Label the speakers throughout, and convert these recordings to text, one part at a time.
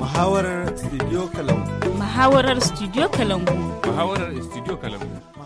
Speaker 1: Muhawarar Studio Kalau. Muhawarar Studio Kalangu. Muhawarar Studio Kalangu.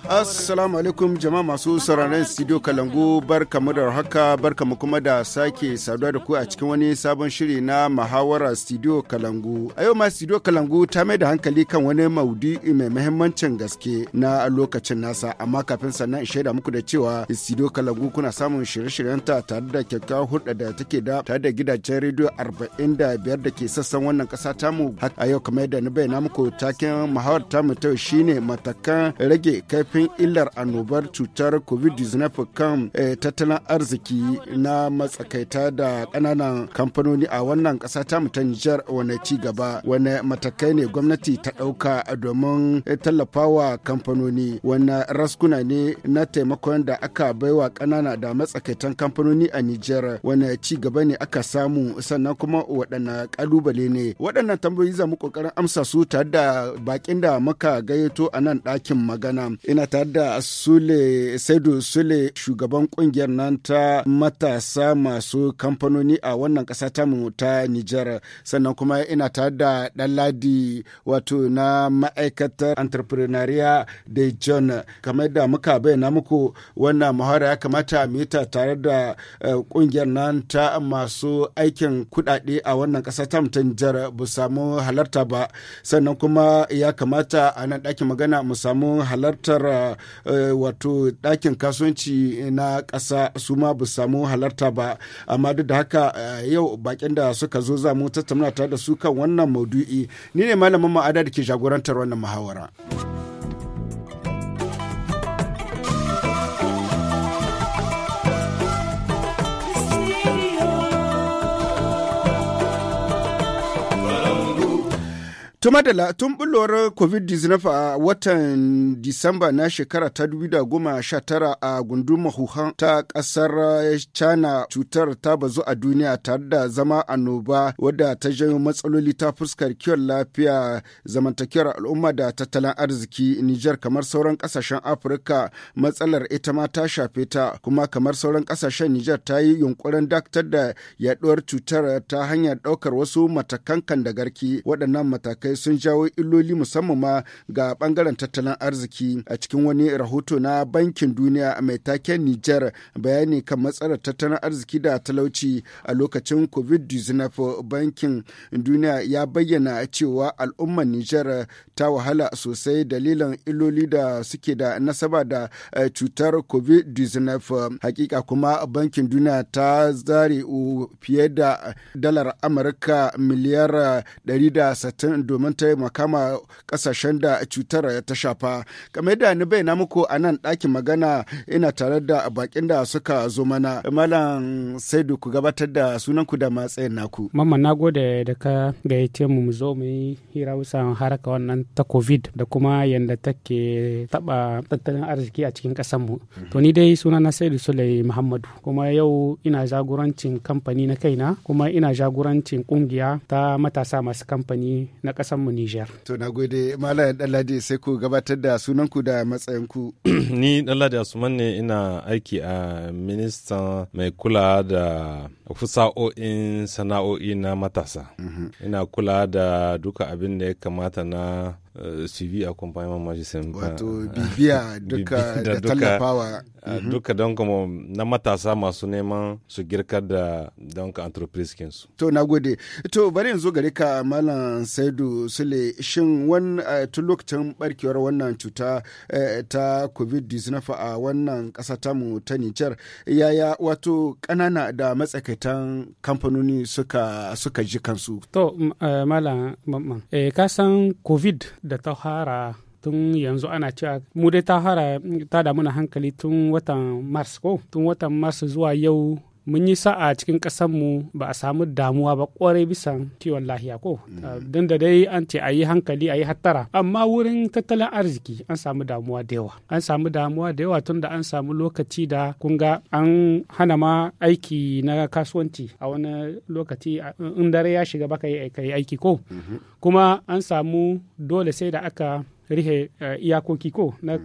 Speaker 1: Assalamu alaikum jama'a masu sauraron Studio Kalangu kamu da haka kamu kuma da sake saduwa da ku a cikin wani sabon shiri na Muhawarar Studio Kalangu. A yau ma Studio Kalangu ta mai da hankali kan wani maudi mai muhimmancin gaske na lokacin nasa amma kafin sannan in shaida muku da cewa Studio Kalangu kuna samun shirye shiryen ta tare da kyakkyawar hulɗa da take da tare da gidajen rediyo 45 da ke sassan wannan ƙasa tamu a yau kamar yadda na bayyana muku Ko taken ta mutau shine matakan rage kaifin illar annobar cutar COVID-19 kan eh, tattalin arziki na matsakaita da ƙananan kamfanoni a wannan kasa ta mutan Nijar wane ci gaba wane matakai ne gwamnati ta ɗauka domin eh, tallafawa kamfanoni wane raskuna ne na taimakon da aka baiwa kanana da matsakaitan kamfanoni a Nijar wane ci gaba ne aka samu sannan kuma waɗannan ƙalubale ne waɗannan tambayoyi za mu ƙoƙarin amsa su tare da bakin da muka gayyato a nan ɗakin magana. Ina tare da Sule Saidu Sule shugaban kungiyar nan ta matasa masu kamfanoni a wannan ƙasa ta mu ta Nijar. Sannan kuma ina tare da Ɗanladi wato na ma'aikatar entrepreneuria de John. Kamar da muka bayyana muku wannan muhara ya kamata mu yi tare da kungiyar eh, nan ta masu aikin kuɗaɗe a wannan ƙasa ta mu ta Nijar bu samu halarta ba. Sannan kuma ya kamata a nan ɗakin magana mu samu halartar eh, wato ɗakin kasuwanci na ƙasa su ma bu samu halarta ba amma duk da haka eh, yau bakin da suka zo za mu tattauna tare da su kan wannan maudu'i ni ne malamin ma'ada da ke jagorantar wannan muhawara. Tuma da tun bullowar COVID-19 a watan Disamba na shekara ta sha tara a gunduma Wuhan ta kasar China cutar ta bazu a duniya tare da zama annoba wadda ta janyo matsaloli ta fuskar kiwon lafiya zamantakewar al'umma da tattalin arziki Nijar kamar sauran kasashen Afirka matsalar ita ma ta shafe ta kuma kamar sauran kasashen Nijar ta yi yunkurin dakatar da yaduwar cutar ta hanyar daukar wasu matakan kan da garki waɗannan matakai sun jawo illoli musamman ma ga bangaren tattalin arziki a cikin wani rahoto na bankin duniya mai taken niger bayani kan matsalar tattalin arziki da talauci a lokacin covid-19 bankin duniya ya bayyana cewa al'ummar niger ta wahala sosai dalilan illoli da suke da nasaba da eh, cutar covid-19 hakika kuma bankin duniya ta zare fiye da dalar amurka miliyar 160 eh, domin domin taimaka ma kasashen da cutar ta shafa kamar da ni na muku a nan ɗakin magana ina tare da bakin da suka zo mana malam saidu ku gabatar da sunan ku da matsayin naku mamman
Speaker 2: na gode da ka gayyace mu mu zo mu yi hira wusan haraka wannan ta covid da kuma yanda take taba tattalin arziki a cikin ƙasar mu mhm. to ni dai suna na saidu sulai muhammadu kuma yau ina jagorancin kamfani na kaina kuma ina jagorancin kungiya ta matasa masu
Speaker 1: kamfani na ƙasar ƙasar mu Niger. To na gode Malam Dalladi sai ku gabatar da sunanku da matsayinku.
Speaker 3: Ni Dalladi Asuman ne ina aiki a ministan mai kula da fusa'o'in sana'o'i na matasa. Mhm. Ina kula da duka abin da ya kamata na suivi eh, accompagnement moi je sais pas to bibiya duka da tallafawa ah, mhm. duka donc mo na matasa masu neman su girka da donc ka kin su
Speaker 1: to nagode to bari yanzu gare ka malam saidu sule shin wani eh, tun lokacin barkewar wannan cuta eh, ta covid-19 a wannan kasa mu ta nijar yaya wato kanana da matsakaitan kamfanoni suka suka ji kansu
Speaker 2: to malam mamman ka san covid da ta tun yanzu ana cewa mu dai ta ta damu na hankali tun watan mars ko tun watan mars zuwa yau mun yi sa'a cikin mu ba a samu damuwa ba kwarai bisan kiwon lahiya ko mm. ah, don da dai an ce a yi hankali a yi hattara amma wurin tattalin arziki an samu damuwa da yawa an samu damuwa da yawa tun da an samu lokaci da kunga an hana ma aiki na kasuwanci a wani lokaci in dare ya shiga baka yi aiki ko mm-hmm. kuma an samu dole sai da aka rihe eh, iyakoki ko na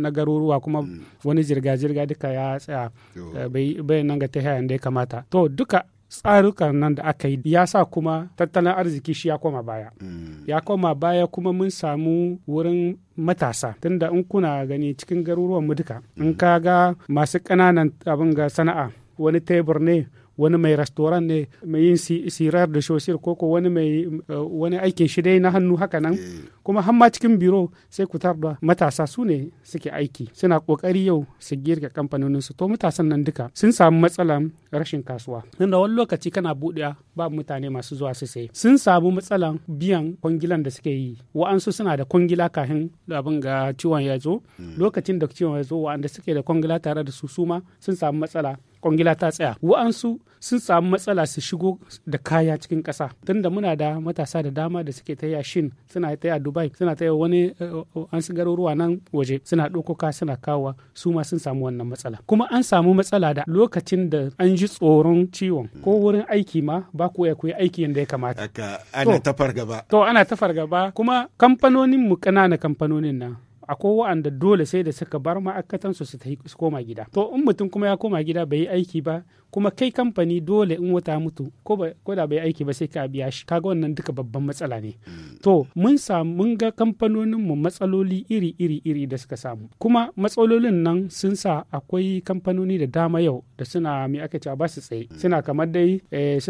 Speaker 2: mm. garuruwa kuma mm. wani zirga-zirga duka ya tsaya eh, bai nan ga ta hayan da ya kamata to duka tsarukan nan da aka yi ya sa kuma tattalin arziki shi ya koma baya mm. ya koma baya kuma mun samu wurin matasa tunda in kuna gani cikin garuruwan mu duka in ka ga masu kananan abin ga sana'a wani tebur ne wani mai restoran ne mai yin sirar da shosir ko ko wani mai eh, wani aikin shi dai na hannu haka nan eh. kuma har ma cikin biro sai ku tarda matasa su ne suke aiki suna kokari yau su girka kamfanonin su to matasan nan duka sun samu matsala rashin kasuwa tunda wani lokaci kana buɗe ba mutane masu zuwa su sai. sun samu matsala biyan kwangilan da suke yi wa'ansu suna da kwangila kafin abin ga ciwon ya zo hmm. lokacin da ciwon ya zo wa'anda suke da kwangila tare da su suma sun samu matsala kwangila ta tsaya wa'ansu sun samu matsala su shigo da kaya cikin ƙasa tunda muna da matasa da dama da suke ta shin suna ta a dubai suna ta wani eh, an su garuruwa nan waje suna ɗaukoka suna kawa su ma sun samu wannan matsala kuma an samu matsala da lokacin da an ji tsoron ciwon ko wurin aiki ma ba ku ya koyi aiki yadda ya kamata ana ta fargaba to ana ta fargaba kuma kamfanonin mu ƙanana kamfanonin nan akwai wa'anda dole sai da suka bar ma'aikatan su su koma gida to in mutum kuma ya koma gida bai yi aiki ba kuma kai kamfani dole in wata mutu ko da bai aiki ba sai ka biya shi kaga wannan duka babban matsala ne hmm. to mun samu mun ga kamfanonin mu matsaloli iri iri iri da suka samu kuma matsalolin nan sun sa akwai kamfanoni da dama yau da suna mi aka cewa ba su tsaye hmm. suna kamar dai eh,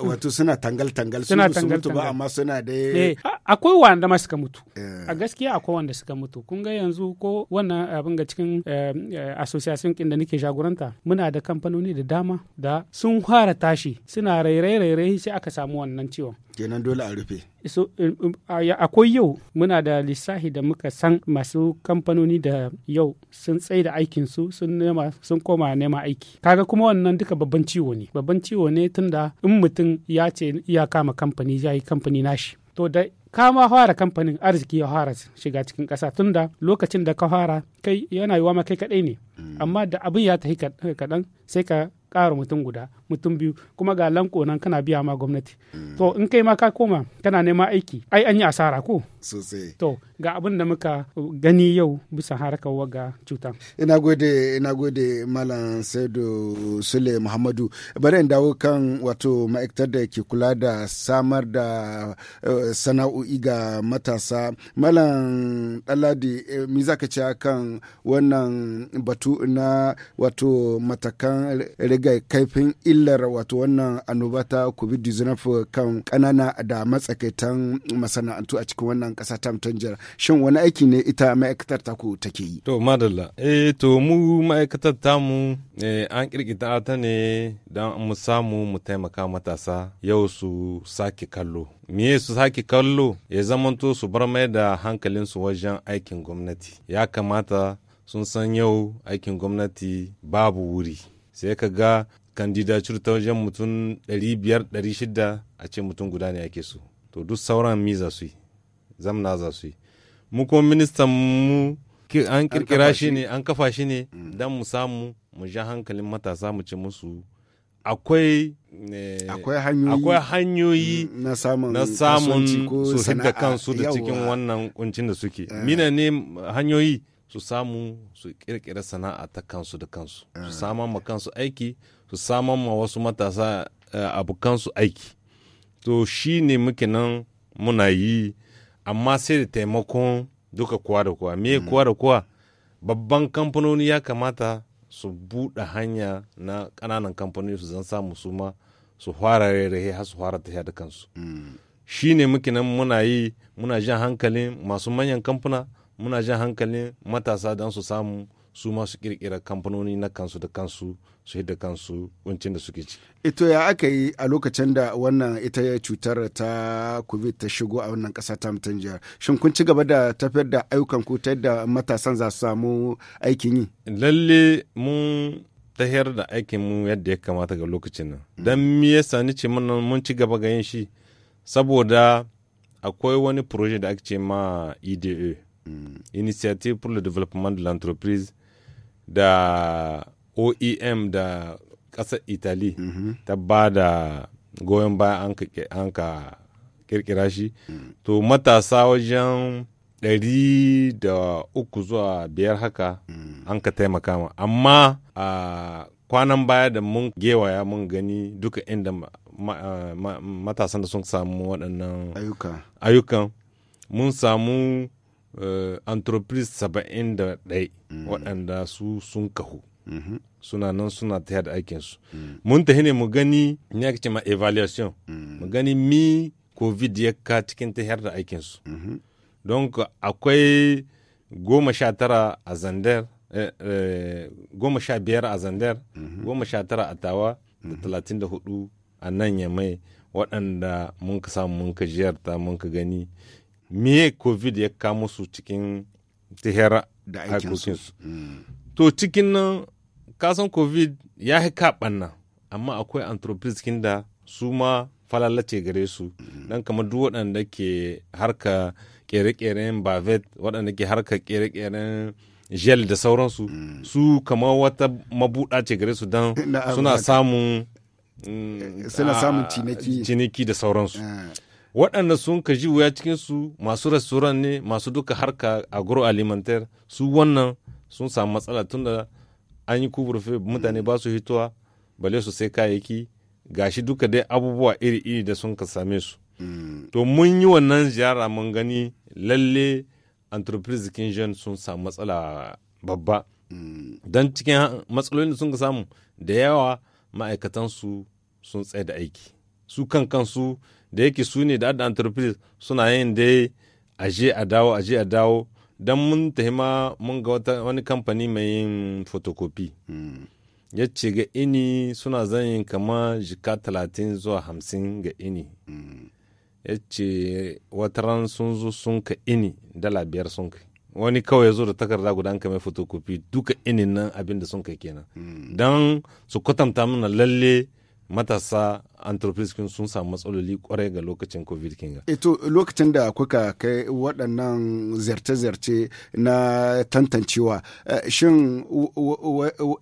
Speaker 2: wato suna tangal tangal suna tangal mutu ba amma
Speaker 1: suna dai eh,
Speaker 2: akwai wanda ma suka mutu eh. a gaskiya akwai wanda suka mutu kun ga yanzu ko wannan abin ga cikin association kin da nake jagoranta muna da kamfanoni da dama da sun fara tashi suna rairaye sai aka samu wannan ciwon
Speaker 1: kenan dole a rufe
Speaker 2: so, um, um, akwai yau muna da lissahi da muka san masu kamfanoni da yau sun tsaye da aikinsu sun koma nema aiki kaga kuma wannan duka babban ciwo ne babban ciwo ne tunda in mutum ya ce ya kama kamfani ya yi kamfani nashi to da kama fara kamfanin arziki ya fara shiga cikin ƙasa tunda lokacin da ka fara kai yana yiwa ma kai kaɗai ne mm. amma da abin ya tafi kaɗan sai ka kara mutum guda mutum biyu kuma ga lanko nan kana biya ma gwamnati to in kai ma ka koma kana nema aiki ai an yi asara ko sosai to ga abin da muka gani yau bisa harkar waga cuta
Speaker 1: ina gode ina gode malam saido sule muhammadu bari in dawo kan wato ma'aikatar da ke kula da samar da eh, sana'o'i ga matasa malam daladi eh, mi zaka ce kan wannan batu na wato matakan ga kaifin illar wato wannan annoba ta covid-19 kan kanana da matsakaitan masana'antu a cikin wannan kasa ta tanjar shin wani aiki ne ita ma'aikatar ta ku take
Speaker 3: yi to madalla eh to mu ma'aikatar ta tamu eh, an kirkita ta ne don mu samu mu taimaka matasa yau su sake kallo miye su sake kallo ya zamanto su bar mai da hankalinsu wajen aikin gwamnati ya kamata sun san yau aikin gwamnati babu wuri sai ka ga kandidatur ta wajen mutum 500-600 a ce mutum guda ne ake so to duk sauran mi za su yi zamna za su yi mu kuma ministan mu an kirkira shi ne an kafa shi ne mm. don mu samu mu ja hankalin matasa mu ce musu akwai eh, akwai
Speaker 1: hanyoyi mm, na samun su kansu da cikin wannan kuncin da suke eh.
Speaker 3: mina ne hanyoyi su samu su kirkira sana'a ta kansu da kansu su ah, saman ma kansu aiki su saman ma wasu matasa eh, abu kansu aiki to shi ne muke nan muna yi amma sai da taimakon duka kowa da kowa me mm. kowa da kowa babban kamfanoni ya kamata su buɗe hanya na ƙananan kamfanoni su zan samu su ma su fara rairaye har su fara tafiya da kansu mm. shi ne muke nan muna yi muna jan hankalin masu manyan kamfuna muna jan hankalin matasa don su samu su masu kirkira kamfanoni na kansu da kansu su da kansu wancin da suke ci.
Speaker 1: Ito ya aka yi a lokacin da wannan ita ya cutar ta covid ta shigo a wannan kasa ta mutan jihar. Shin kun ci gaba da tafiyar da ayyukan ku ta yadda matasan za su
Speaker 3: samu aikin yi? Lalle mun tahiyar da aikin mu yadda ya kamata ga lokacin nan. Mm. Dan me yasa ni ce mun ci gaba ga yin shi saboda akwai wani proje da ake ce ma IDE. Initiative pour le Développement de l'Entreprise da OEM da ƙasar e Italy ta mhm. ba da goyon baya an ka kirkira shi. To matasa wajen ɗari da uku zuwa biyar haka an ka taimaka ma. Amma a kwanan baya da mun gewaya mun gani duka inda matasan da sun samu waɗannan ayyukan mun samu Eh, entreprise saba'in da ɗai waɗanda su sun kahu suna nan suna taya da aikinsu mun tahi ne mu gani ni ya ma evaluation mu gani mi covid ya ka cikin tayar da aikinsu don akwai goma sha tara a zander eh, eh, goma sha biyar a zander goma sha tara a tawa da talatin da hudu a nan ya mai waɗanda mun ka samu mun ka ziyarta mun ka gani me covid ya kamo su cikin tihera da su mm. to cikin nan kasan covid ya yi kaɓanna amma akwai anthropist da su ma falalace gare su mm. dan kamar duk waɗanda ke harka kere-keren bavet waɗanda ke harka kere-keren gel da sauransu mm. su kamar wata mabuɗa ce gare su don suna samun suna samun ciniki da sauransu eh. waɗanda sun ka ji wuya cikinsu masu restoran ne masu duka harka agroalimentaire su wannan sun samu matsala tunda an yi kuburfe mutane ba su hitowa bale su sai kayayyaki gashi duka dai abubuwa iri-iri da sun ka same su hmm. to mun yi wannan ziyara mun gani lalle entreprise kin sun samu matsala babba hmm. don cikin matsalolin da sun ka samu da yawa ma'aikatansu sun tsaye da aiki su kan kansu da yake su ne da adda enterprise suna yin dai aje a dawo aje a dawo don mun tahima mun ga wani kamfani mai yin photocopy mm. ya ce ga ini suna zanyin kama jika talatin zuwa hamsin ga ini mm. ya ce wataran sun zo sun ka ini dala biyar sun kai wani kawai ya zo da takarda guda an mai fotokofi duka inin nan abin da sun kai kenan mm. don su kwatanta mana lalle matasa entreprise kin sun samu matsaloli kwarai ga lokacin covid kinga.
Speaker 1: to lokacin da kuka kai waɗannan ziyarce-ziyarce na tantancewa eh, shin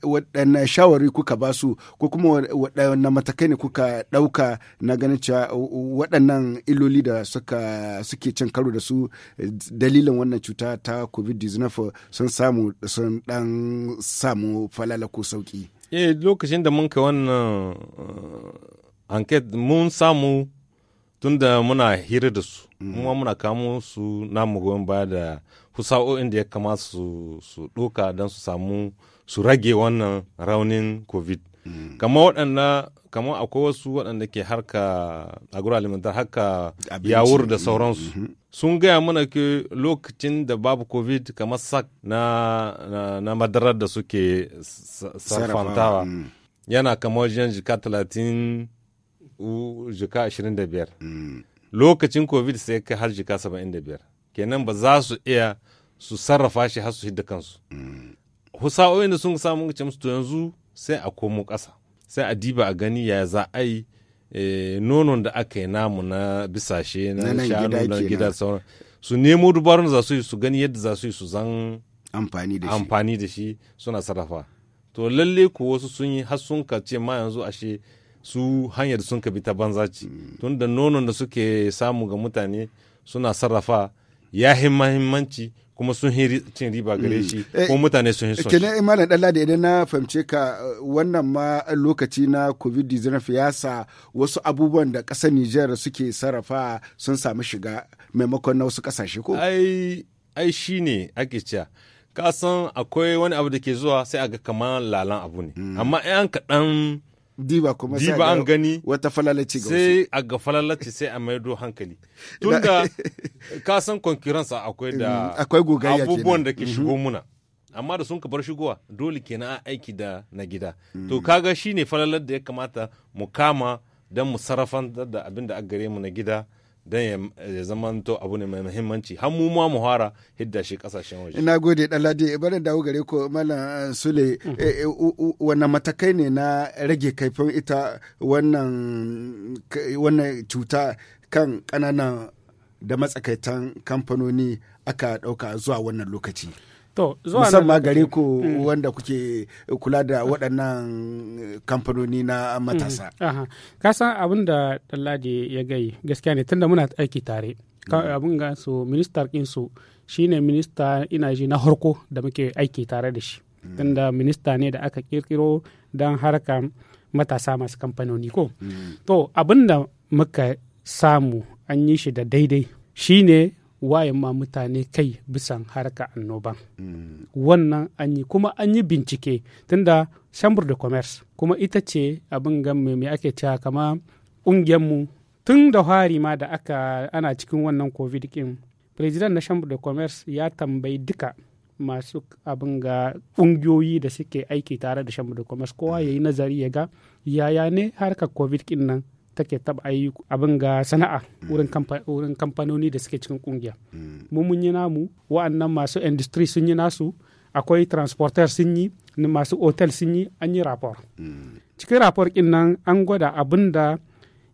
Speaker 1: waɗannan shawari kuka ba su ko kuma waɗannan matakai ne kuka ɗauka na ganin cewa waɗannan illoli da suka suke cin karo da su dalilin wannan cuta ta covid-19 sun samu sun ɗan samu falala ko sauki.
Speaker 3: eh lokacin da mun ka wannan eh, anket mun samu tunda muna hira da su kuma mm. muna kamo su namu goyon baya da fusa'o'in da ya kama su su ɗoka don su samu su rage wannan raunin covid mm. kama waɗanda kamar akwai wasu waɗanda ke harka agroalimentar harka yawur da sauransu mm-hmm. sun gaya mana ke lokacin da babu covid kamar sak na, na, madarar da suke sarfantawa mm. yana kamar wajen jika talatin jika ashirin da biyar mm. lokacin covid sai kai har jika saba'in da biyar kenan ba za su iya su sarrafa shi har su hidda kansu mm. husa'o'in da sun samu ce musu to yanzu sai a komo ƙasa sai a diba a gani ya za a yi eh, nonon da aka yi namu na bisashe na shanu na gida sauran su nemo dubarun za su yi su gani yadda za su yi su zan amfani da shi suna sarrafa to lalle ko wasu sun yi har sun ce ma yanzu ashe su hanyar sun ka bi ta banza ce mm. tun da nonon da suke samu ga mutane suna sarrafa ya mahimmanci kuma sun cin riba gare shi mm. eh, ko mutane sun hin son kenan
Speaker 1: imanin dalla da idan na fahimce ka wannan ma lokaci na covid-19 ya sa wasu abubuwan da ƙasar Nijar suke sarrafa sun samu
Speaker 3: shiga maimakon na wasu ƙasashe ko ai ai shine ake cewa ka san akwai wani abu da ke zuwa sai a ga kamar lalan abu ne mm. amma yan kaɗan diba kuma diba an
Speaker 1: gani wata falalaci ga sai
Speaker 3: a ga falalaci sai a maido hankali
Speaker 1: tunda
Speaker 3: ka san concurrence akwai da mm, akwai gogayya abubuwan da ke mm-hmm. shigo muna amma da sun ka bar shigowa dole kenan a aiki da na gida to mm. kaga shine falalar da ya kamata mu kama don mu sarrafa da abinda da aka gare mu na gida don ya zamanto abu ne mai muhimmanci har mu ma mu fara hidda shi kasashen waje
Speaker 1: ina gode dalade barin dawo gare ko malam eh, sule mhm. eh, eh, wannan matakai ne na rage kaifin ita wannan wannan cuta kan kananan da matsakaitan kamfanoni aka dauka zuwa wannan lokaci To, musamman gare ku mm. wanda kuke kula da waɗannan eh, kamfanoni na matasa.
Speaker 2: Mm. Ka san abin da Dallaji ya gai gaskiya ne tunda muna aiki tare. Mm. Abin ga su ministar ɗinsu shi ne minista ina ji na harko da muke aiki tare da shi. Mm. Tunda minista ne da aka ƙirƙiro don harka matasa masu kamfanoni ko. Mm. To, abin da muka samu an yi shi da daidai shi ne wayan ma mutane kai bisan harka annoban mm. wannan an yi kuma an yi bincike tunda chambre de commerce kuma ita ce abin gan mai ake cewa kama mu tun da hari ma da aka ana cikin wannan covid din president na chambre de commerce ya tambayi duka masu abin ga ƙungiyoyi da suke aiki tare da chambre de commerce kowa ya nazari ya ga yaya ne harkar covid din nan take taba ayi abin ga sana'a wurin kamfanoni da suke cikin kungiya mu mun yi namu wa'annan masu industry sun yi nasu akwai transporter sun yi masu hotel sun yi an yi rapor cikin rapor kin nan an gwada abin da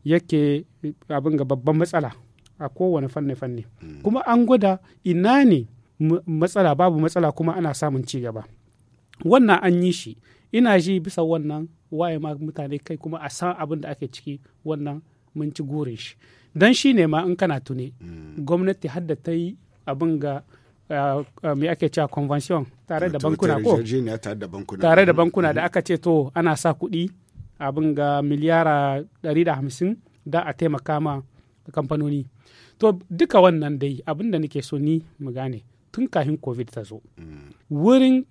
Speaker 2: yake abin ga babban matsala a kowane fanne-fanne kuma an gwada ina ne matsala babu matsala kuma ana samun ci gaba wannan an yi shi ina ji bisa wannan waye ma mutane kai kuma a san abin da ake ciki wannan mun ci gurin shi don shi ne ma in kana tune mm. gwamnati har da ta yi abin ga me ake cewa convention tare da bankuna ko tare da bankuna da mm. mm. aka ce to ana sa kuɗi abin ga miliyara 150 da a taimaka ma kamfanoni to duka wannan dai abin da nake so ni mu gane tun kafin covid ta zo wurin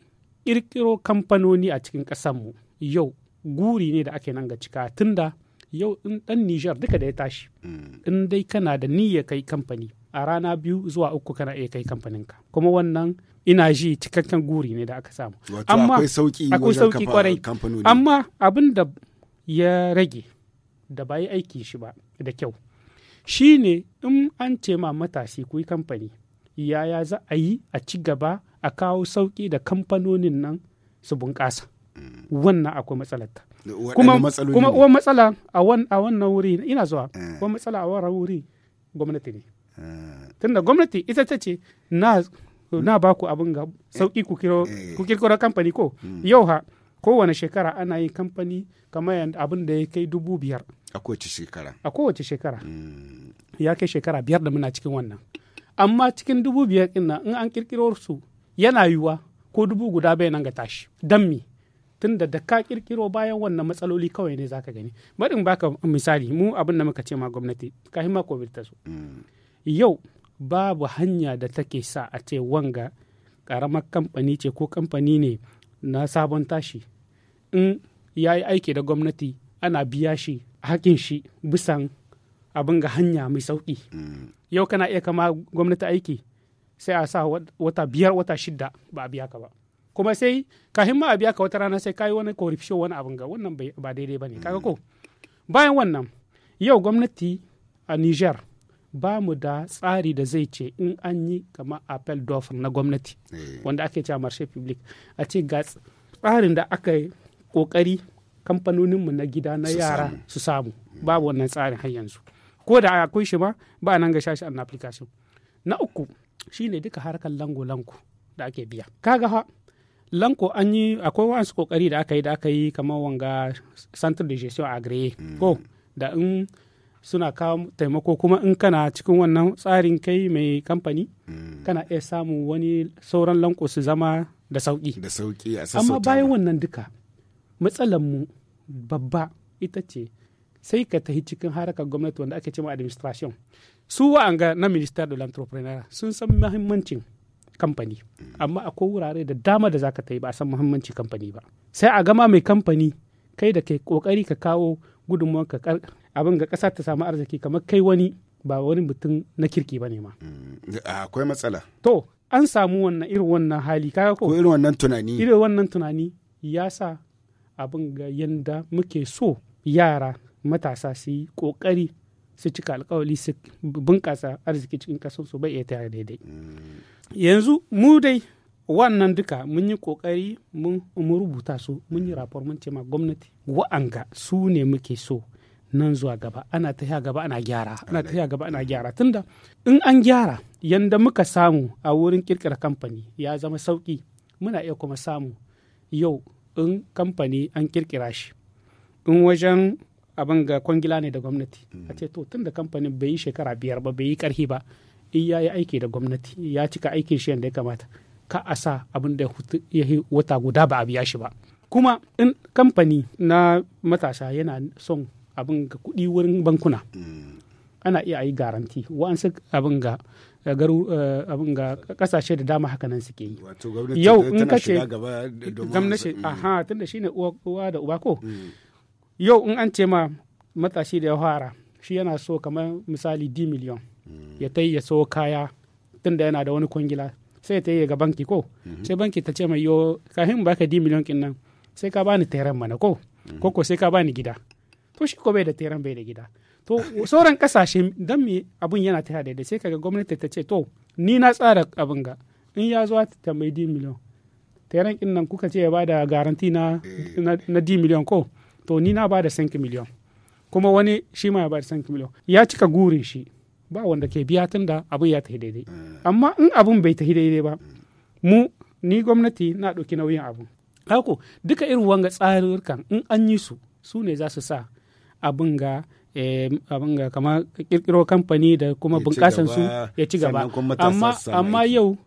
Speaker 2: kirkiro kamfanoni a cikin mu yau guri ne da ake nan ga cika tunda yau in dan Nijar duka da ya tashi mm. in dai kana da niyya kai kamfani a rana biyu zuwa uku kana iya kai kamfaninka kuma wannan ina ji cikakken guri ne da aka samu amma akwai sauki kwarai amma abin da ya rage da bai aiki shi ba da kyau shi ne in an ce ma matashi kuyi kamfani yaya za a yi a ci gaba a kawo sauki da kamfanonin nan su bunƙasa wannan akwai matsalarta kuma uwa matsala a wannan wuri ina zuwa eh. uwa matsala a wannan wuri gwamnati ne eh. tunda gwamnati ita ta ce na ba ku abin ga eh. sauki ku kirkiro kamfani ko hmm. yau ha kowane shekara ana yin kamfani kamar abin da ya kai dubu biyar a
Speaker 1: kowace shekara
Speaker 2: a kowace shekara hmm. ya kai shekara biyar da muna cikin wannan amma cikin dubu biyar ɗin in an kirkiro su yana yiwuwa ko dubu guda bai nan ga tashi dan me tun da ka kirkiro bayan wannan matsaloli kawai ne zaka gani bari in baka misali mu abin da muka ce ma gwamnati ka ma covid ta so mm. yau babu hanya da take sa a ce wanga karamar kamfani ce ko kamfani ne na sabon tashi in ya yi aiki da gwamnati ana biya shi hakin shi bisan abin ga hanya mai sauki mm. yau kana iya kama gwamnati aiki sai a sa wata biyar wata shida ba a biya ka ba kuma sai ka himma a biya ka wata rana sai kayi wani corruption wani abin ga wannan ba daidai ba ne kaga ko bayan wannan yau gwamnati a niger ba mu da tsari da zai ce in an yi kama appel d'offre na gwamnati eh. wanda ake cewa marshe public a ce ga tsarin da aka yi kokari kamfanoninmu na gida na yara su samu hmm. babu wannan tsarin har yanzu ko da akwai shi ma ba nan ga shashi an application na uku shine duka harkan lango-lango da ake biya kaga ha lanko an yi akwai wasu kokari da aka yi da aka yi kamar wanga centre de gestion agri hmm. ko da in suna kawo taimako kuma in kana cikin wannan tsarin kai mai kamfani hmm. kana iya samu wani sauran lanko su zama da
Speaker 1: sauki da sauki a amma bayan
Speaker 2: wannan duka matsalar mu babba ita ce sai ka tafi cikin harakar gwamnati wanda ake cewa administration su wa'anga na minister da l'entrepreneur sun san muhimmancin kamfani amma akwai wurare da dama da zaka ta yi ba a san muhimmanci kamfani ba sai a gama mai kamfani kai da kai kokari ka kawo gudunmuwar ka abin ga kasa ta samu arziki kamar kai wani ba wani mutum na kirki ba ne ma
Speaker 1: mm, akwai matsala
Speaker 2: to an samu wannan irin wannan hali kaga ko irin
Speaker 1: wannan tunani irin
Speaker 2: wannan tunani ya sa abin ga yanda muke so yara matasa su yi kokari su cika alkawali su bunƙasa arziki cikin ƙasar su bai iya tare daidai mm. yanzu mu dai wannan duka mun yi ƙoƙari mun rubuta su mun yi rapor mun ce ma gwamnati wa'anga su ne muke so nan zuwa gaba ana tafiya gaba ana gyara ana tafiya gaba ana gyara tunda in an gyara yanda muka samu a wurin kirkira kamfani ya zama sauki muna iya kuma samu yau in kamfani an kirkira shi in wajen abin ga kwangila ne da gwamnati mm. a ce to tun da kamfanin bai yi shekara biyar ba bai yi karhi ba in ya yi aiki da gwamnati ya cika aikin shi yadda ya kamata ka a sa abin da ya yi wata guda ba a biya shi ba kuma in kamfani na matasa yana son abin ga kuɗi wurin bankuna mm. ana iya yi garanti wa'ansu abin ga eh, garu eh, abin ga kasashe da dama haka nan suke yi yau in ka ce gwamnati mm. aha tunda shine uwa da uba ko yau in an ce ma matashi da ya fara shi yana so kamar misali d miliyon ya ta ya so kaya da yana da wani kwangila sai ta yi ga banki ko mhm. sai banki ta ce mai yo kafin ka d miliyon kin nan sai ka bani teren mana mhm. ko ko sai ka bani gida to shi ko bai da teren bai da gida to sauran kasashe dan me abun yana ta daidai sai kaga gwamnati ta ce to ni na tsara abin ga in ya zo ta tambayi d miliyon teren kin nan kuka ce ya bada garanti eh. na na d miliyon ko to ni na bada 5 miliyan kuma wani shi ma ya bada 5 miliyan ya cika gurin shi ba wanda ke biya tun da abin ya tafi daidai eh. amma in abin bai tafi daidai ba mu ni gwamnati na ɗauki nauyin abu hako duka irin wanga tsarurrukan in an yi su su ne za su sa abin ga abin ga kamar kirkiro kamfani da kuma bunƙasan su ya ci gaba amma yau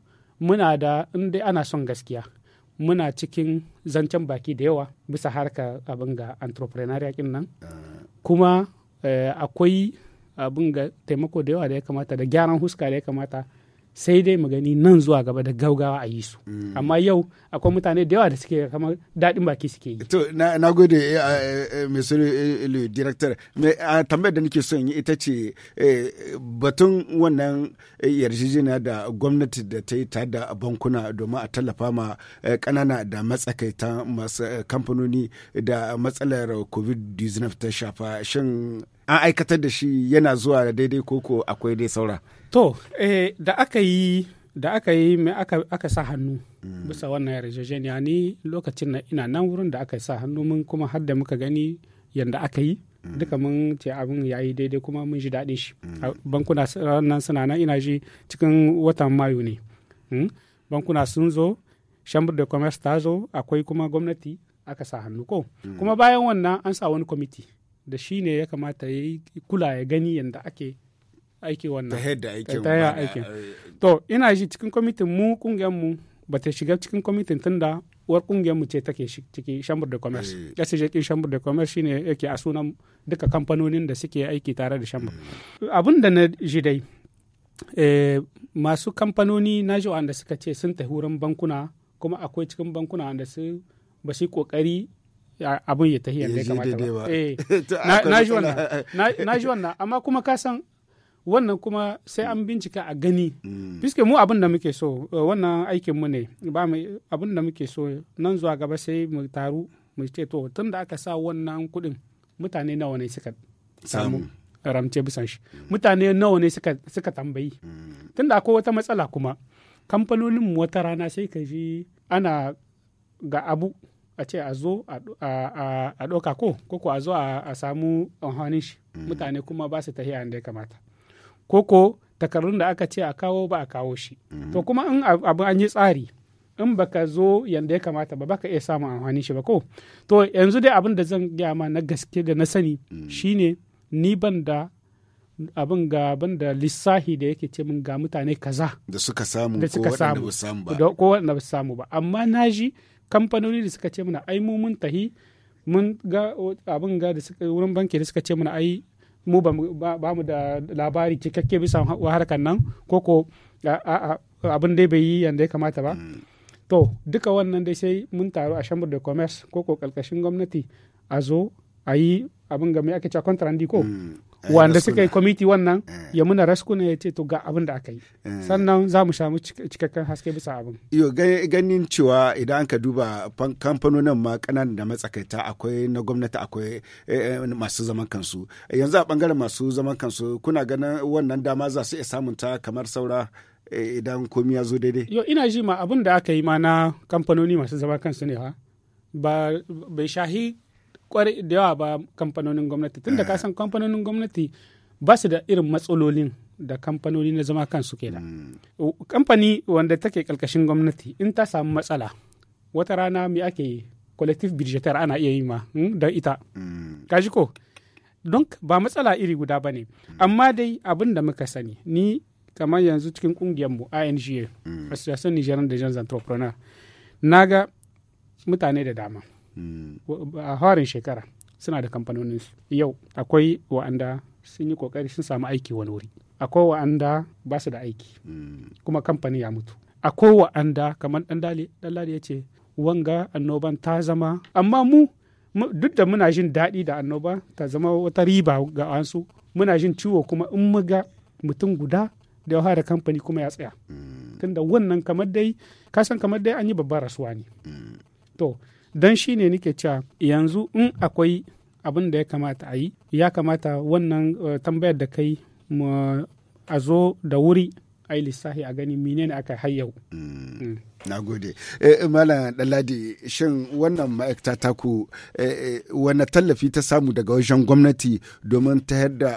Speaker 2: muna da in dai ana son gaskiya muna cikin zancen baki da yawa bisa harka abin ga entrepreneurial kin nan kuma eh, akwai abin ga taimako da yawa da ya kamata da gyaran huska da ya kamata sai dai mu gani nan zuwa gaba da gaugawa a yi su mm. amma yau akwai mutane da yawa da suke kamar daɗin baki suke yi
Speaker 1: to na gode eh, eh, eh, mr director a tambayar da nake son yi ita ce batun wannan yarjejeniya da gwamnati da ta yi tada da bankuna domin a tallafa ma ƙanana da matsakaita masu kamfanoni da matsalar covid-19 ta shafa shin an aikatar da shi yana zuwa daidai koko akwai dai saura
Speaker 2: To, eh, da aka yi da aka yi mai aka, aka sa hannu mm. bisa wannan yarjejeniya ni lokacin na ina nan wurin da aka sa hannu mun kuma har da muka gani yadda aka yi duka mun ce abin ya yi daidai kuma mun ji daɗin shi bankuna nan suna nan ina ji cikin watan mayu ne hmm? bankuna sun zo chambre de commerce ta zo akwai kuma gwamnati aka sa hannu ko kuma bayan wannan an sa wani kwamiti da shi ne ya kamata ya yi kula ya gani yadda ake aiki wannan ta yi aikin to ina shi cikin kwamitin mu kungiyar mu ba ta shiga cikin kwamitin da uwar kungiyar mu ce take ciki chamber de commerce eh. SJK chamber de commerce shine yake a sunan duka kamfanonin da suke aiki tare da chamber hmm. abin da na ji dai eh, masu kamfanoni na ji wanda suka ce sun tafi wurin bankuna kuma akwai cikin bankuna wanda su ba su kokari abin ya tafi yadda ya kamata ba eh. na ji wannan amma kuma ka san wannan kuma sai an mm. bincika a gani mm. fiske mu abin da muke so eh, wannan aikin mu ne ba abin da muke so nan zuwa gaba sai mu taru mu ce to tun da aka sa wannan kuɗin mutane nawa ne suka samu ramce bisan shi mutane nawa ne suka tambayi mm. tun da akwai wata matsala kuma kamfanonin wata rana sai ka ji ana ga abu a ce a zo a ɗauka ko ko a zo a samu shi mutane kuma ba su tafiya inda ya kamata koko takardun da aka ce a kawo ba a kawo shi mhm. to kuma in abu an yi tsari in baka zo yanda ya kamata ba baka iya samun amfani shi ba ko to yanzu dai abin da zan gaya ma na gaske da na sani mhm. shine ni ban da abin ga ban da lissahi da yake ce min ga mutane kaza
Speaker 1: da suka samu da suka samu
Speaker 2: ko wanda ba samu ba amma na ji kamfanoni da suka ce mana ai mu mun tahi mun ga abin ga da suka wurin banki da suka ce mana ai mu ba mu da labari cikakke bisa harkar nan ko ko abin dai bai yi yadda ya kamata ba mm. to duka wannan dai sai mun taru a shambar da commerce ko ko karkashin gwamnati a zo a yi abin game ake cewa contrandi ko mm. Eh, wanda suka yi kwamiti wannan eh. ya muna raskuna ya ce to ga abin da aka yi eh. sannan za mu samu cikakken haske bisa abin
Speaker 1: yo ganin cewa idan an ka duba kamfanonin ma kanan da matsakaita akwai na gwamnati akwai masu zaman kansu yanzu a bangaren masu zaman kansu kuna ganin wannan dama za su iya samunta kamar saura idan komi ya zo daidai yo ina ji ma abin da aka yi ma na kamfanoni
Speaker 2: masu zaman kansu ne ha ba bai shahi kwarai da yawa ba kamfanonin gwamnati tun da kasan kamfanonin gwamnati ba su da irin matsalolin da kamfanoni na zama kansu ke da hmm. kamfani wanda take kalkashin gwamnati in ta samu matsala wata rana mai ake yi collective ana iya yi ma hmm, da ita hmm. kaji ko don ba matsala iri guda ba ne amma dai abin da muka sani ni kamar yanzu cikin kungiyarmu inga association nigerian da entrepreneur na ga mutane da dama a harin shekara suna da kamfanonin yau akwai wa'anda sun yi kokari sun samu aiki wani wuri akwai wa'anda ba su da aiki kuma kamfani ya mutu akwai wa'anda kamar dan dali ya ce wanga annoban ta zama amma mu duk da muna jin daɗi da annoba ta zama wata riba ga wasu muna jin ciwo kuma in muga mutum guda da ya da kamfani kuma ya tsaya tunda wannan kamar dai kasan kamar dai an yi babbar rasuwa ne to don shi ne nike cewa yanzu in akwai abin da ya kamata a yi ya kamata wannan eh, tambayar da kai a zo da wuri a yi lissafi a gani menene aka hayyau.
Speaker 1: Mm. Mm. na gode eh, eh, malam daladi shin wannan ma'aikata ku eh, wani tallafi ta samu daga wajen gwamnati domin ta yadda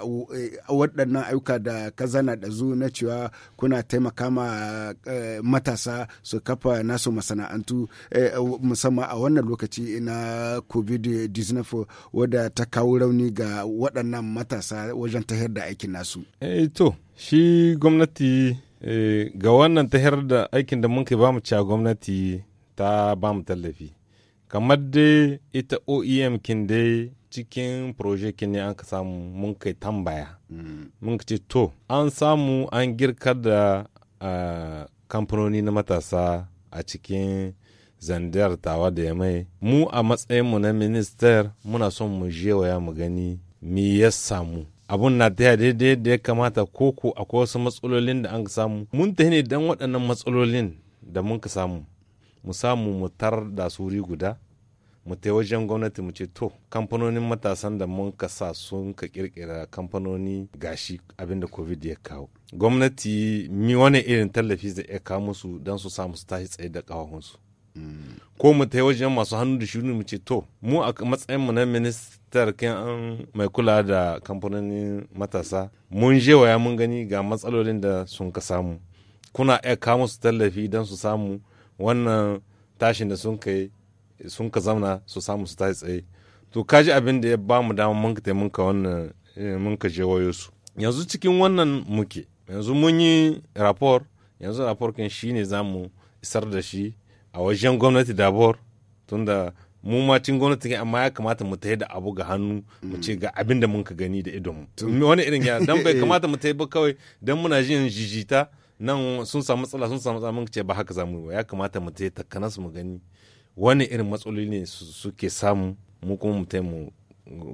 Speaker 1: waɗannan ayyuka da ka kazana da zu na cewa kuna taimaka ma matasa su kafa nasu masana'antu musamman a wannan lokaci na covid-19 wadda ta kawo rauni ga waɗannan matasa wajen ta da aikin nasu
Speaker 3: to shi gwamnati Eh, ga wannan ta hirar da aikin da muka ba mu cewa gwamnati ta ba mu tallafi kamar dai ita oem kin dai cikin proje kin ne an ka samu mun kai tambaya mm. mun ka ce to an samu an girka da kamfanoni na matasa a cikin zandar tawa da yamai mu a matsayinmu na minister muna son mu je waya mu gani me ya samu abun na taya daidai da ya kamata koko akwai wasu matsalolin da an ka samu mun ta ne dan waɗannan matsalolin da mun ka samu mu samu mu tar da suri guda mu ta wajen gwamnati mu ce to kamfanonin matasan da mun ka sa sun ka kirkira kamfanoni gashi abinda covid ya kawo gwamnati mi wani irin tallafi zai ya kawo musu don su samu su tashi tsaye da kawahunsu mm. ko mu ta wajen masu hannu da shuni mu ce to mu a matsayin mu na minista tarkin mai kula da kamfanonin matasa mun je waya mun gani ga matsalolin da sun ka samu kuna iya kawo su tallafi don su samu wannan tashin da sun ka sun ka zamna su samu su tashi tsaye to ka ji abin da ya ba mu dama mun ka mun ka wannan eh, mun ka je wayo su yanzu cikin wannan muke yanzu mun yi rapor yanzu rapor kin shine zamu isar da shi a wajen gwamnati dabor tunda mu cin gwamnati amma ya kamata mu tayi da abu ga hannu mu ce ga abin da mun ka gani da idonmu wani irin ya dan bai eh. kamata mu tayi ba kawai dan muna jin jijita nan sun samu matsala sun samu matsala mun ce ba haka zamu ya kamata mu tayi takkanas mu gani wani irin matsaloli ne suke samu mu kuma mu tayi mu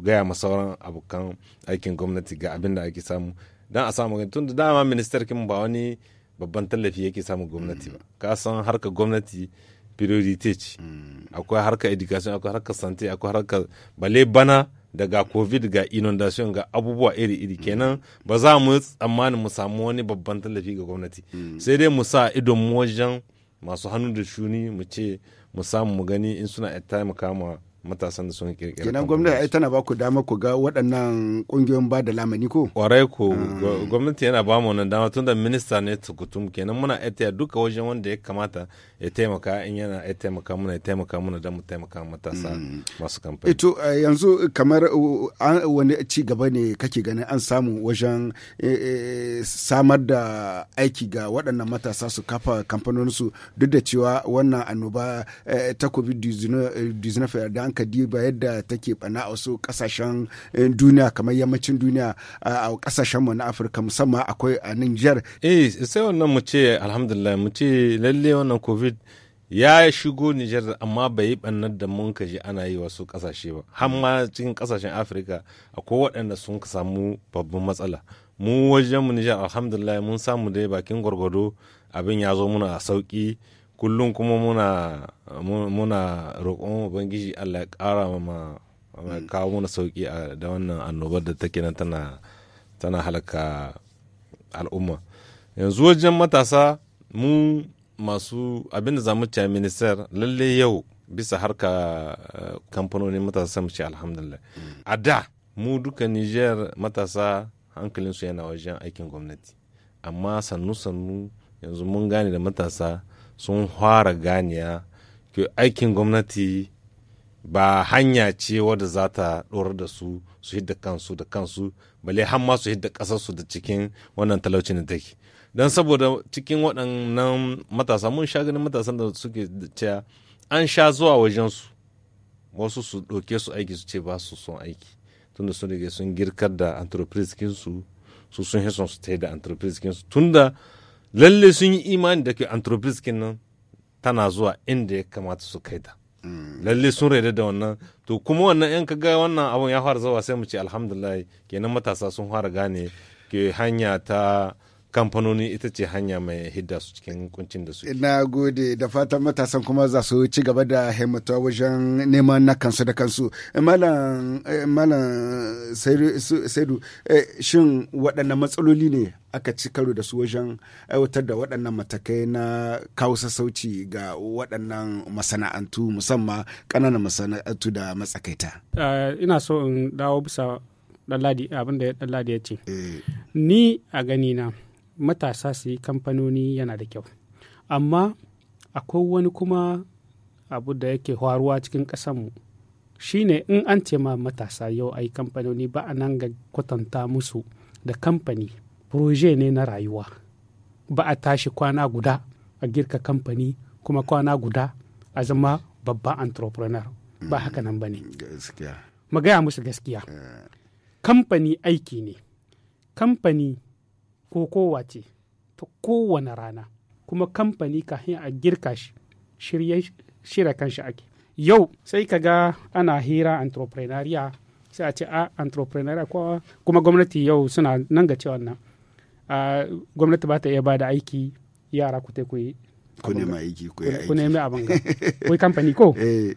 Speaker 3: gaya ma sauran abokan aikin gwamnati ga abin da ake samu dan a samu gani tun da dama ministar kin ba wani babban tallafi yake samu gwamnati ba mm. ka san harkar gwamnati priority ce hmm. akwai harkar education akwai harkar sante akwai harkar bale bana daga covid ga inundation ga abubuwa iri-iri hmm. kenan ba za mu tsammanin mu samu wani babban tallafi ga gwamnati hmm. sai dai mu sa idon mu wajen masu hannu da shuni mu ce mu samu mu gani in suna taimaka ma matasan da sun kirkira kenan
Speaker 1: gwamnati ai tana ba ku dama ku ga waɗannan ƙungiyoyin ba da lamani ko
Speaker 3: ƙwarai ko ah. gwamnati yana ba mu wannan dama tun da minista ne tukutum kenan muna aitaya duka wajen wanda ya kamata ya taimaka in yana ya taimaka muna ya taimaka muna don mu taimaka matasa hmm. masu kamfani ito
Speaker 1: yanzu kamar uh, wani ci gaba ne kake ganin an samu wajen eh, eh, samar da aiki ga waɗannan matasa su kafa su duk da cewa wannan annoba eh, ta covid-19 da an an ka diba yadda take bana a wasu kasashen eh, duniya kamar yammacin duniya a kasashen mu na afirka musamman akwai a nijar.
Speaker 3: eh sai wannan mu ce alhamdulillah mu ce lalle wannan covid ya shigo Nijar amma bai yi bannar da mun kaji ana yi wasu kasashe ba har ma cikin kasashen Afirka akwai waɗanda sun samu babban matsala mu wajen mu Nijar alhamdulillah mun samu dai bakin gwargwado abin ya zo muna a sauki kullum kuma muna muna roƙon ubangiji Allah ya ƙara ma kawo mana sauki da wannan annobar da take nan tana tana halaka al'umma yanzu wajen matasa mu masu abinda za mu ce minister lalle yau bisa harka eh, kamfanonin matasa mu ci alhamdulillah a da mu duka niger matasa hankalinsu yana wajen aikin gwamnati amma sannu sannu yanzu mun gane da matasa sun fara ganiya ke aikin gwamnati ba hanya ce wadda za ta ɗorar da su su hidda kansu da kansu bale har ma su hidda ƙasarsu da cikin wannan talaucin da take don saboda cikin waɗannan matasa mun sha ganin matasan da suke cewa an sha zuwa wajensu wasu su ɗauke su aiki su ce ba su son aiki tunda sun rige sun girkar da entreprise kinsu su sun hison su ta da entreprise kinsu tunda lalle sun yi imani da ke entreprise kenan tana zuwa inda ya kamata su kai ta lalle sun raida da wannan to kuma wannan yan kaga wannan abun ya fara zuwa sai mu ce alhamdulillah kenan matasa sun fara gane ke hanya ta kamfanoni ita ce hanya mai hidda su cikin kuncin da su.
Speaker 1: Na gode da fatan matasan kuma za su ci gaba da himmatuwa wajen neman na kansu da kansu. Eh, Malam eh, Saidu, eh, shin waɗannan matsaloli ne aka ci karo da su wajen aiwatar da waɗannan matakai na kawo sassauci ga waɗannan masana'antu musamman ƙananan masana'antu da matsakaita.
Speaker 2: Ina so in dawo bisa ɗalladi abin da ya ce. Ni a ganina. matasa su yi kamfanoni yana da kyau amma akwai wani kuma abu da yake faruwa cikin ƙasanmu shine in an ce ma matasa yau a yi kamfanoni ba a nan ga kwatanta musu da kamfani proje ne na rayuwa ba a tashi kwana guda a girka kamfani kuma kwana guda a zama babban entrepreneur ba haka nan ba ne magaya mm, musu gaskiya kamfani aiki ne kamfani ko kowace ta kowane rana kuma kamfani kafin a girka shi shirye shirya kanshi ake yau sai ka ga ana hira entrepreneuria sai a ce a ah, entrepreneuria ko kuma gwamnati yau suna nan ga cewa nan ah, gwamnati ba ta iya ba da aiki yara ku ta kuyi
Speaker 1: ku nemi aiki ku aiki ku nemi
Speaker 2: abin ga kuyi kamfani ko eh.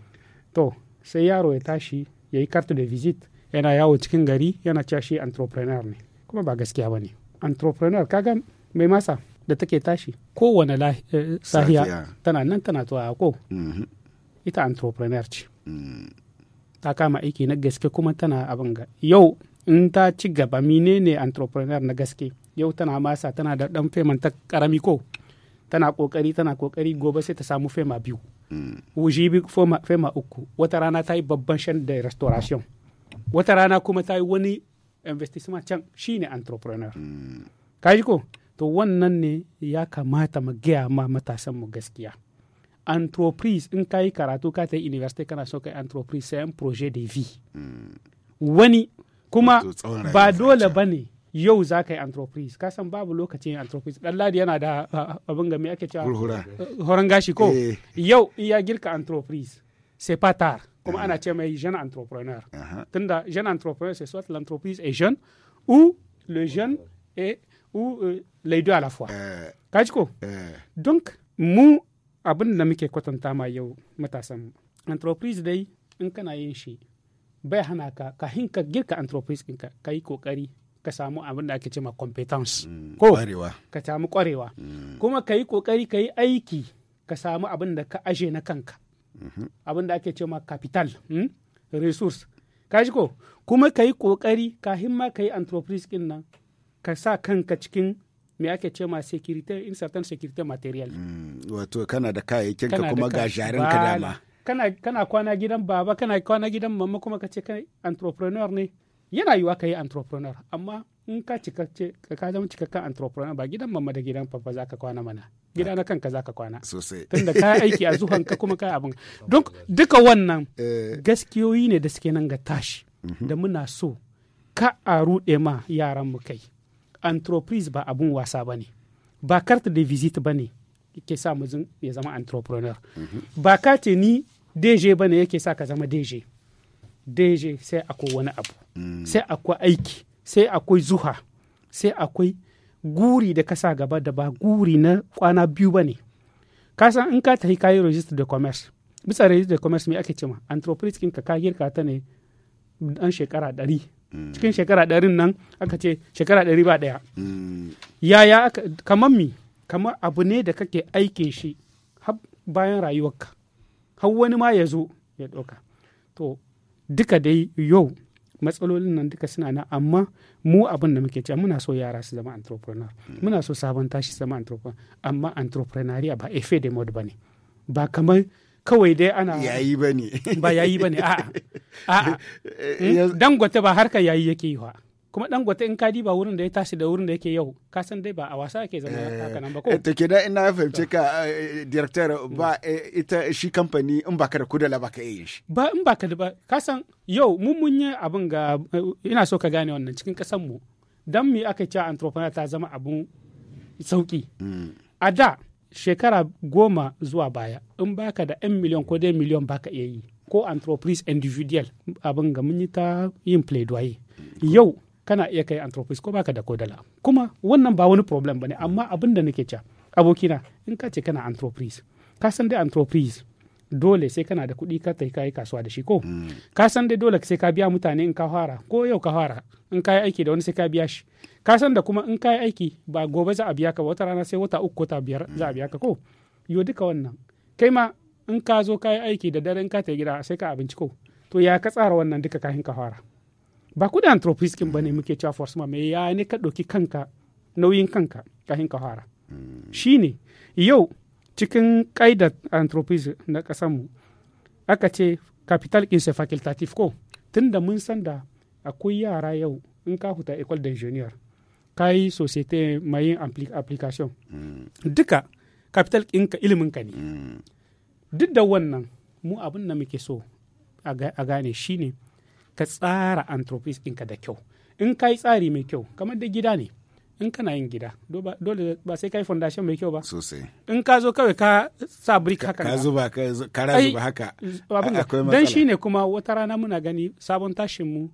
Speaker 2: to sai yaro ya tashi ya yi carte de visite yana yawo cikin gari yana cewa shi entrepreneur ne kuma ba gaskiya ba ne entrepreneur kaga mai masa da take tashi kowane eh, sahiya tana nan tana tuwa ko mm-hmm. ita entrepreneur ce mm. ta kama aiki na gaske kuma tana abin ga yau in ta ci gaba mine ne entrepreneur na gaske yau tana masa tana da dan feman ta karami ko tana kokari tana kokari gobe sai ta samu fema biyu mm. wuji bi fema uku wata rana ta yi babban shan da restoration wata rana kuma ta yi wani Investissement can shine entrepreneur mm. kaji ko to wannan ne ya kamata mu gaya ma matasan mu gaskiya entreprise in kayi karatu ka ta university kana so kai entreprise sai projet de vie mm. wani
Speaker 4: kuma ba
Speaker 2: dole bane yau za ka yi entreprise ka san babu lokacin yin entreprise dan ladi yana da abin ga ake cewa horon gashi ko eh. yau iya girka entreprise c'est pas tard kuma eh. ana ce mai jeune entrepreneur tunda jeune entrepreneur c'est soit l'entreprise est jeune ou le jeune est ou euh, les deux à la fois eh. kaji ko eh. donc mu abin da muke kwatanta ma yau matasan entreprise dai in kana yin shi bai hana ka kahin ka girka entreprise ɗinka ka yi kokari ka samu abin da ake ce ma competence mm, ko ka samu kwarewa mm. kuma ka kokari ka aiki ka samu abin da ka aje na kanka abin da ake ce ma capital hmm? resource kaji ko kuma ka yi kokari kafin ma ka yi entreprise din nan ka sa kanka cikin me ake ce ma security in certain security material
Speaker 1: hmm, wato kana da kayayyakin ka kuma ga jarin ka dama
Speaker 2: kana kana kwana gidan baba kana kwana gidan mama kuma ka ce kai entrepreneur ne yana yiwa ka yi entrepreneur amma in ka cika ka zama cikakken entrepreneur ba gidan mamma da gidan papa za ka kwana mana gida na kanka za ka kwana
Speaker 1: sosai tunda ka aiki a zuhan
Speaker 2: ka kuma ka abin don duka wannan eh. gaskiyoyi ne da suke nan ga tashi mhm. da muna so ka a ruɗe ma yaran mu kai entreprise ba abun wasa ba ne ba carte de visite ba ne ke sa ya zama entrepreneur mhm. ba ka ce ni DG ba ne yake sa ka zama DG DG sai akwai wani abu mm. sai akwai aiki sai akwai zuha sai akwai guri da kasa gaba da ba guri na kwana biyu ba ne kasan in ka tafi kayi register da commerce bisa register da commerce me ake ma entreprise kinka ka girka ta ne dan shekara ɗari mm. cikin shekara ɗarin nan aka ce shekara ɗari ba ɗaya mm. yaya kamar mi kamar abu ne da kake aikin shi bayan rayuwarka har wani ma ya zo ya ɗauka to duka dai yau matsalolin nan duka suna nan amma mu abin da muke cewa muna so yara su zama entrepreneur hmm. muna so sabon tashi zama entrepreneur amma entrepreneuria ba efe de mode bane ba kamar kawai dai ana
Speaker 1: yayi bane ba yayi bane a'a a eh,
Speaker 2: eh, hmm? dangote ba harka yayi yake yi wa kuma gwata in ka diba wurin da ya tashi da wurin da yake yau ka san dai ba a wasa ake zama haka eh,
Speaker 1: nan ba ko eh, to kenan ina fahimce ka eh, director ba ita shi kamfani in baka da kudala baka yi shi
Speaker 2: ba in baka da ba ka san yau mun mun yi abin ga ina so ka gane wannan cikin kasan mu dan me aka ce entrepreneur ta zama abun sauki
Speaker 4: hmm.
Speaker 2: a da shekara goma zuwa baya in baka da 'yan miliyan ko dai miliyon baka iya yi ko entreprise individual abin ga mun yi ta yin plaidoyer hmm. yau kana iya kai anthropist ko baka da kodala kuma wannan ba wani problem bane amma abin da nake cewa abokina in ka ce kana anthropist ka san dai anthropist dole sai kana da kuɗi ka tai kai kasuwa da shi ko hmm. ka san dai dole sai ka biya mutane in ka fara ko yau ka fara in ka yi aiki da wani sai ka biya shi ka san da kuma in ka yi aiki ba gobe za a biya ka wata rana sai wata uku ta biyar za a biya ka ko yo duka wannan kai ma in ka zo ka yi aiki da dare in ka ta gida sai ka abinci ko to ya ka tsara wannan duka kafin ka fara ba ku da anthropism ba ne muke cewa ma mai ya ne ka ɗauki kanka nauyin kanka kahin ka fara shi ne yau cikin ƙaidar anthropism na ƙasanmu aka ce capital inse facultative ko tunda mun san da akwai yara yau in ka huta école d'ingénieur ka yi société mai application duka capital ɗinka ilimin ka ne mm. duk da wannan mu abin da muke so a gane shine ka tsara anthropis ɗinka da kyau in ka yi tsari mai kyau kamar da gida ne in kana yin gida dole ba sai ka yi fondashen mai kyau ba sosai in ka zo kawai ka sa brick haka ka zuba ka zuba haka akwai matsala dan shine kuma wata rana muna gani sabon tashin mu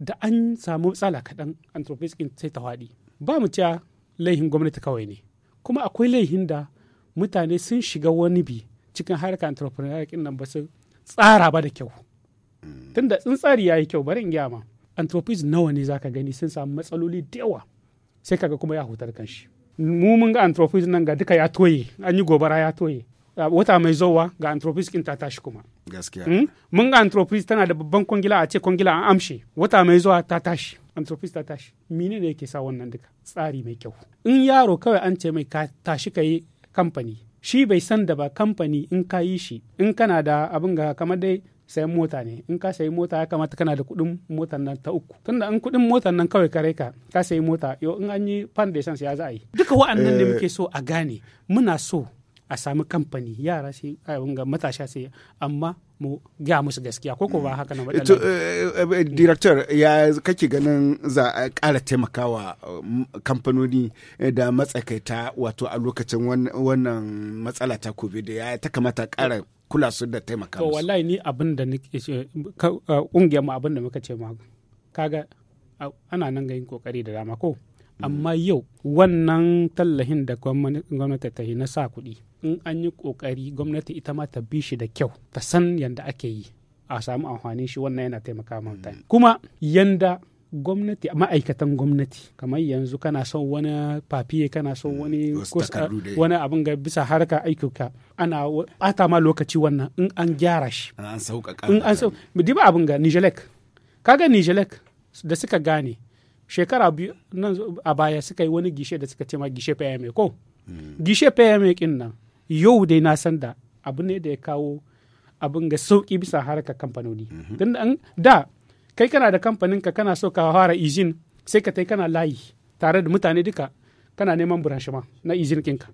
Speaker 2: da an samu tsala kaɗan anthropis ɗin sai ta faɗi ba mu cewa laihin gwamnati kawai ne kuma akwai laihin da mutane sun shiga wani bi cikin harkar entrepreneurial ɗin nan ba su tsara ba da kyau tunda tsari ya yi kyau bari in gaya ma anthropis nawa ne zaka gani sun samu matsaloli da yawa sai kaga kuma ya hutar kanshi mu mun ga anthropis nan ga duka ya toye an yi gobara ya toye wata mai zowa ga anthropis kin ta tashi kuma gaskiya hmm? mun ga anthropis tana da babban kongila a ce kwangila an amshe wata mai zuwa ta tashi anthropis ta tashi mine ne yake sa wannan duka tsari mai kyau in yaro kawai an ce mai ka tashi ka yi kamfani shi bai san da ba kamfani in ka yi shi in kana da abin ga kamar dai sayan mota ne in ka sayi mota ya kamata kana da kuɗin motar nan ta uku tunda in kuɗin motar nan kawai kare ka ka sayi mota yo in an yi fan ya za a yi duka wa'annan ne eh. muke so a gane muna so a sami kamfani yara sai ga matasha sai amma mu ga musu gaskiya ko ko ba haka na matsala
Speaker 1: eh, eh, director ya kake ganin za a ƙara taimakawa kamfanoni da matsakaita wato a lokacin wannan matsala ta covid ya ta kamata ƙara kula su da taimaka
Speaker 2: To wallahi ni abin da nake ce kungiyar uh, mu abin da muka ce ma kaga uh, ana nan ga yin kokari da dama ko mm. amma yau wannan tallahin da gwamnati ta yi na sa kuɗi in an yi kokari gwamnati ita ma ta bi shi da kyau ta san yadda ake yi a samu amfanin shi wannan yana taimaka mutane mm. kuma yanda gwamnati ma'aikatan gwamnati kamar yanzu kana son wani papiye kana son mm, wani uh, wani abin ga bisa harka aikuka ana bata ma lokaci wannan in an gyara
Speaker 1: shi an sauƙaƙa in an
Speaker 2: sauƙaƙa diba abin ga nijelek kaga nijelek da suka gane shekara biyu nan a baya suka yi wani gishe da suka ce ma gishe pma ko mm. gishe pma kin nan yau dai na san da abu ne da ya kawo abin ga sauƙi bisa harka kamfanoni. Mm-hmm. Da kai kana da kamfanin ka kana so ka fara izin sai ka tai kana layi tare da mutane duka kana neman branchement na izin kinka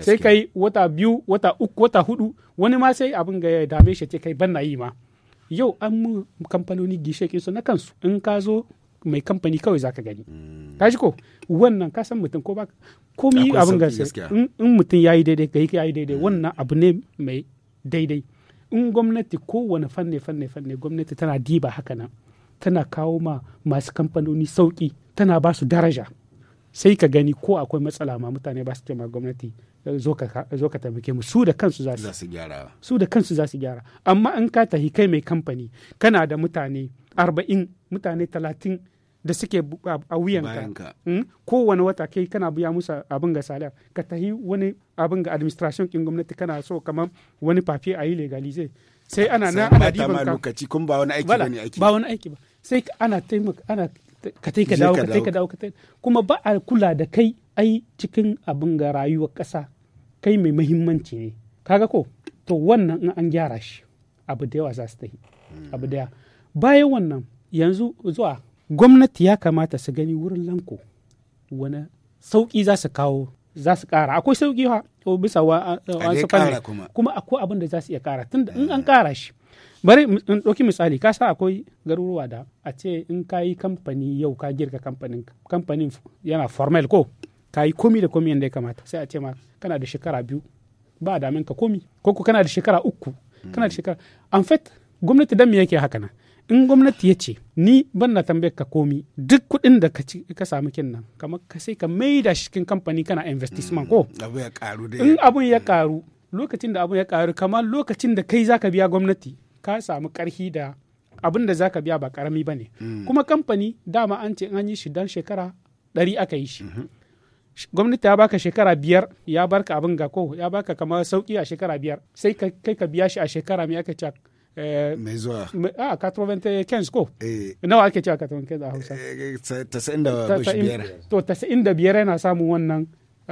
Speaker 2: sai kai wata biyu wata uku wata hudu wani ma sai abin ga ya dame shi ce kai ban na yi ma yau an mu kamfanoni gishe kinsu na kansu in ka zo mai kamfani kawai zaka gani hmm. ka ji ko wannan ka san mutum ko ba komi abin ga in mutum yi daidai kai yi daidai hmm. wannan abu ne mai daidai in gwamnati kowane fanne fanne fanne gwamnati tana diba haka nan tana kawo ma masu kamfanoni sauƙi tana ba su daraja sai ka gani ko akwai matsala ma mutane ba su ce ma gwamnati eh, zo ka taimake mu su da kansu za su gyara su da kansu za su gyara amma an ka tahi kai mai kamfani kana da mutane arba'in mutane talatin da suke a wuyanka hmm? kowane wata kai kana biya musu abin ga salar ka tahi wani abin ga administration kin gwamnati kana so kamar wani fafi a yi legalize sai ana nan ana diban ka lokaci kun ba wani aiki bane aiki ba wani aiki ba sai ana taimaka ana ka tai ka dawo ka tai ka dawo ka kuma ba a kula da kai ai cikin abin ga rayuwar ƙasa kai mai muhimmanci ne kaga ko to wannan in an gyara shi abu da yawa za su tafi hmm. abu da bayan wannan yanzu zuwa gwamnati ya kamata su gani wurin lanko wani sauƙi za su kawo za su ƙara akwai sauƙi ha bisa wa kuma akwai abin da za su iya kara da in an kara shi bari in ɗauki misali ka sa akwai garuruwa da a ce in ka yi kamfani yau ka girka kamfanin kamfanin yana formal ko ka yi komi da komi yadda ya kamata sai a ce ma kana da shekara biyu ba a damin ka komi ko kana da shekara uku kana da shekara en fait gwamnati dan me yake haka nan in gwamnati ya ce ni ban na tambayar ka komi duk kuɗin da ka ka samu kin nan kamar ka sai ka maida shi cikin kamfani kana investisman ko mm,
Speaker 1: abu ya karu in
Speaker 2: abun ya karu lokacin da abun ya karu kamar lokacin da kai zaka biya gwamnati ka samu karhi da abun da zaka biya ba karami bane mm. kuma kamfani dama an ce an yi shi dan shekara ɗari aka yi shi mm-hmm. gwamnati ya baka shekara biyar ya barka abin ga ko ya baka kamar sauki a shekara biyar sai kai ka biya shi a shekara mai aka ce mai 95 ko nawa ake a ah, eh, hausa
Speaker 1: 95
Speaker 2: eh, eh, to biyar yana samun wannan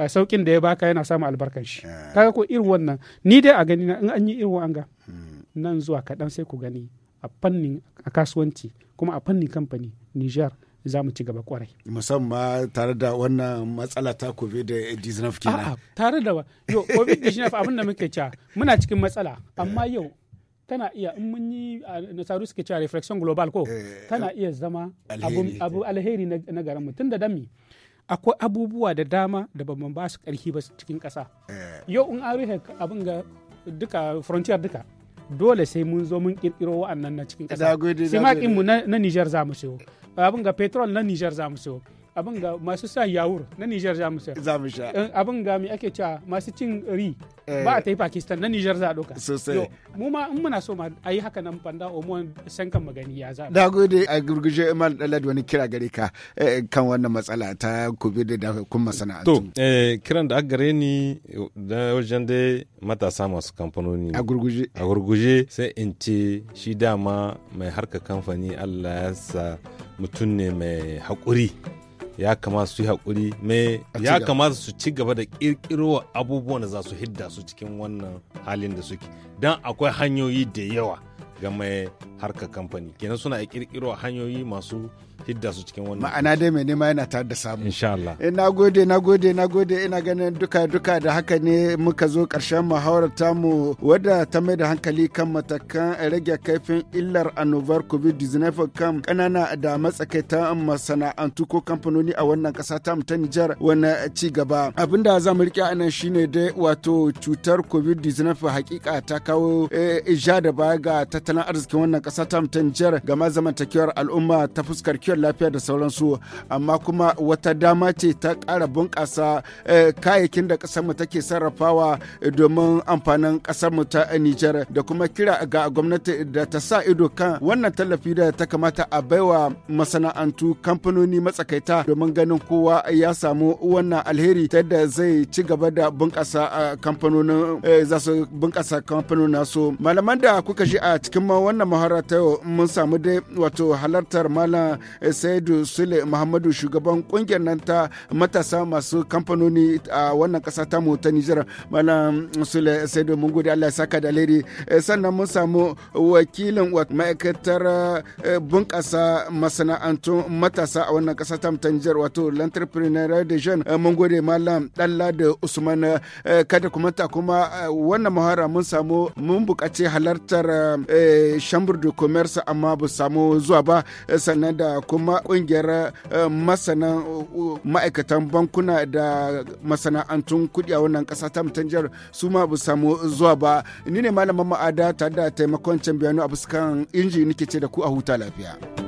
Speaker 2: saukin da ya baka yana samun albarkan shi ah. kaga ko irin wannan ni dai a gani na in an yi irin wanga hmm. nan zuwa kaɗan sai ku gani a fannin a kasuwanci kuma a fannin kamfani niger za mu ci gaba kwarai.
Speaker 1: Musamman tare da wannan matsala ta COVID-19 kenan.
Speaker 2: tare da yo COVID-19 abin da muke cewa muna cikin matsala amma yau tana iya in mun yi nasaru suke cewa reflection global ko eh, tana iya zama abu alheri na garin mu tun da dami akwai abubuwa da dama da ban ba su karfi ba cikin kasa eh. yau in an rufe abin ga duka frontier duka dole sai mun zo mun kirkiro wa'annan na cikin kasa sai makin mu na Niger za mu siyo abin ga petrol na Niger za mu siyo abin ga masu sa yawur na Nijar za mu sha. Eh, abin ga mai ake cewa masu cin ri eh. ba a ta yi Pakistan na Nijar za a ɗauka. Sosai. Mu ma in muna so ma a yi haka nan muwan san kan magani ya za. Da
Speaker 1: gode a gurguje Imal Dalad wani kira gare ka eh, kan wannan matsala ta covid da kun masana'antu.
Speaker 3: To kiran da aka gare ni da wajen da matasa masu kamfanoni. A gurguje. A gurguje sai in ce shi dama mai harka kamfani Allah ya sa mutum ne mai haƙuri ya kamata su yi haƙuri ya kamata su ci gaba da ƙirƙiro abubuwan da za su hidda su cikin wannan halin da suke don akwai hanyoyi da yawa ga mai harkar kamfani kenan suna ƙirƙiro hanyoyi masu hidda su cikin wannan
Speaker 1: ma'ana dai mai nema yana tare da samu insha Allah e, na gode na gode na gode ina ganin duka duka da haka ne muka zo karshen muhawarar tamu wadda ta mai da hankali kan matakan rage kaifin illar annobar covid-19 kan kanana da matsakaita masana'antu ko kamfanoni a wannan kasa tamu ta Nijar wani ci gaba abinda za mu rike anan shine dai wato cutar covid-19 hakika ta kawo e, eh, ija da baya ga tattalin arzikin wannan kasa tamu ta Nijar game zamantakewar al'umma ta fuskar kyau kiwon lafiya da sauransu amma kuma wata dama ce ta kara bunƙasa eh, kayayyakin da ƙasarmu take sarrafawa eh, domin amfanin ƙasarmu ta Nijar da kuma kira ga gwamnati da ta sa ido kan wannan tallafi da ta kamata a baiwa masana'antu kamfanoni matsakaita domin ganin kowa ya samu wannan alheri ta da zai ci gaba da bunƙasa kamfanonin eh, za su bunƙasa kamfanonin nasu malaman da kuka shi a cikin wannan mahara ta yau mun samu dai wato halartar malam saidu sule muhammadu shugaban kungiyar nan ta matasa masu kamfanoni a wannan kasa ta mu ta nijar malam sule saidu mun gode allah saka da alheri eh, sannan mun samu wakilin ma'aikatar eh, bunƙasa masana'antun matasa a wannan kasa ta mu ta nijar wato l'entrepreneur de jeune eh, mun gode malam dalla da usman kada kuma ta kuma wannan muhara mun samu mun buƙaci halartar chambre de commerce amma bu samu zuwa ba sannan da kuma kungiyar eh, masana ma'aikatan bankuna da masana'antun kuɗi a wannan ƙasa ta mutanjar su ma bu samu zuwa ba ni ne malamin ma'ada tare da taimakon can biyanu a fuskan inji nake ce da ku a huta lafiya.